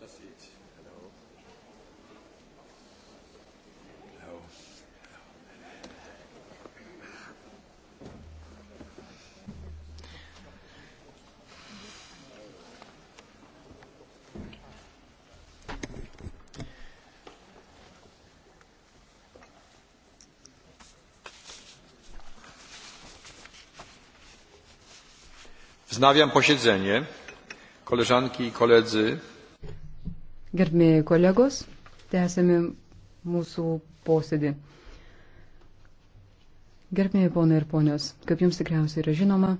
Just eat. Znawiam posiedzenie. Koleżanki i koledzy. Gerbėjai kolegos, tęsėme mūsų posėdį. Gerbėjai ponai ir ponios, kaip jums tikriausiai yra žinoma,